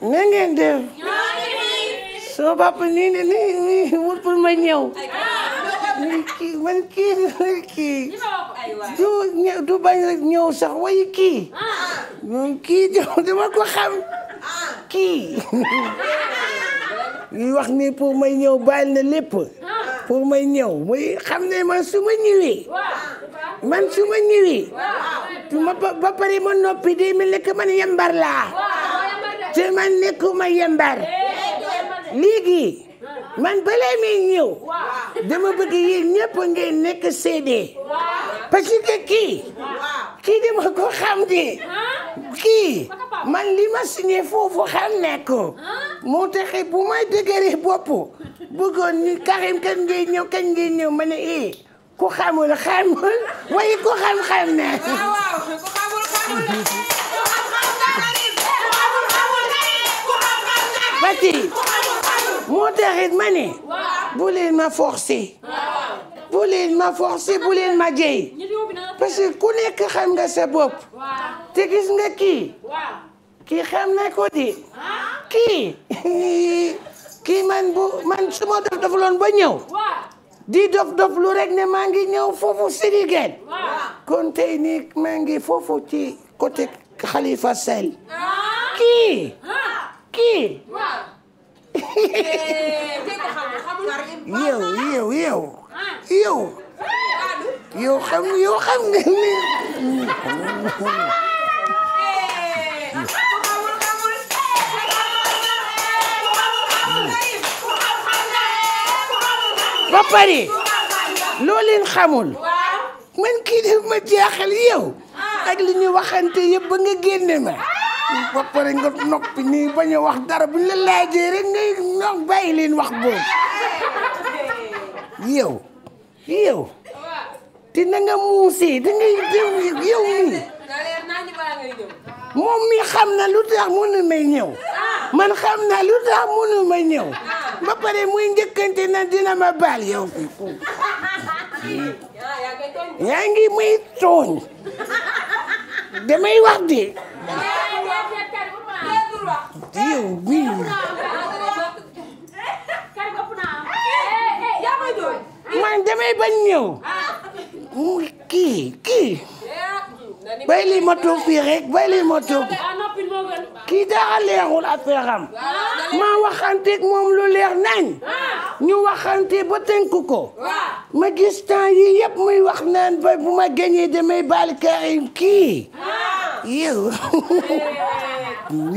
na ngeen soo bàpp nii ne nii wut pour ma ñëw ni kii man kii du du bañ rek ñëw sax waaye ki kii dama ko xam kii wax ni pour may ñëw baal na lépp pour may ñëw muy xam ne man su ma ñëwee man su ma ñëwee ba pare ma noppi day mel ne man yambar te man nekkuma yembar léegi man balaa may ñëw dama bëgg yéen ñëpp ngeen nekk seede parce que kii kii dama ko xam de kii man li ma signé foofu xam ne moo tax bu may dëgëree bopp bëggoon ni Karim kan ngay ñëw kan ngay ñëw ma ne eh ku xamul xamul waaye ku xam-xam ne taxit ma ne bu leen ma forcé bu leen ma forcé bu leen ma jëy parce que ku nekk xam nga sa bopp te gis nga kii kii xam na ko di kii kii man bu man su ma dof dof loon ba ñëw di dof dof lu rek ne maa ngi ñëw foofu Sénégal kon tey nii maa ngi foofu ci côté Khalifa Sall kii kii yow yow yow yow yow xam yow xam nga ni ba leen xamul man kii def ma jaaxal yow ak li ñu waxante yëpp ba nga génne ma ba pare nga noppi nii bañ a wax dara bu ñu la laajee rek ngay ñoom bàyyi leen wax boobu yow yow te na muusee da ngay yow nii moom mi xam na lu tax mënu may ñëw man xam na lu tax mënu may ñëw ba pare muy njëkkante na dina ma baal yaa ngi may tooñ damay wax de yow wii. man damay bañ ñëw. kii kii. bay lii ma toog fii rek bay lii ma toog kii dara leerul affaire am ma moom lu leer nañ ñu waxante ba tenk ko ma gis temps yi yëpp muy wax naan bu ma gañee damay baal Karim kii Wow,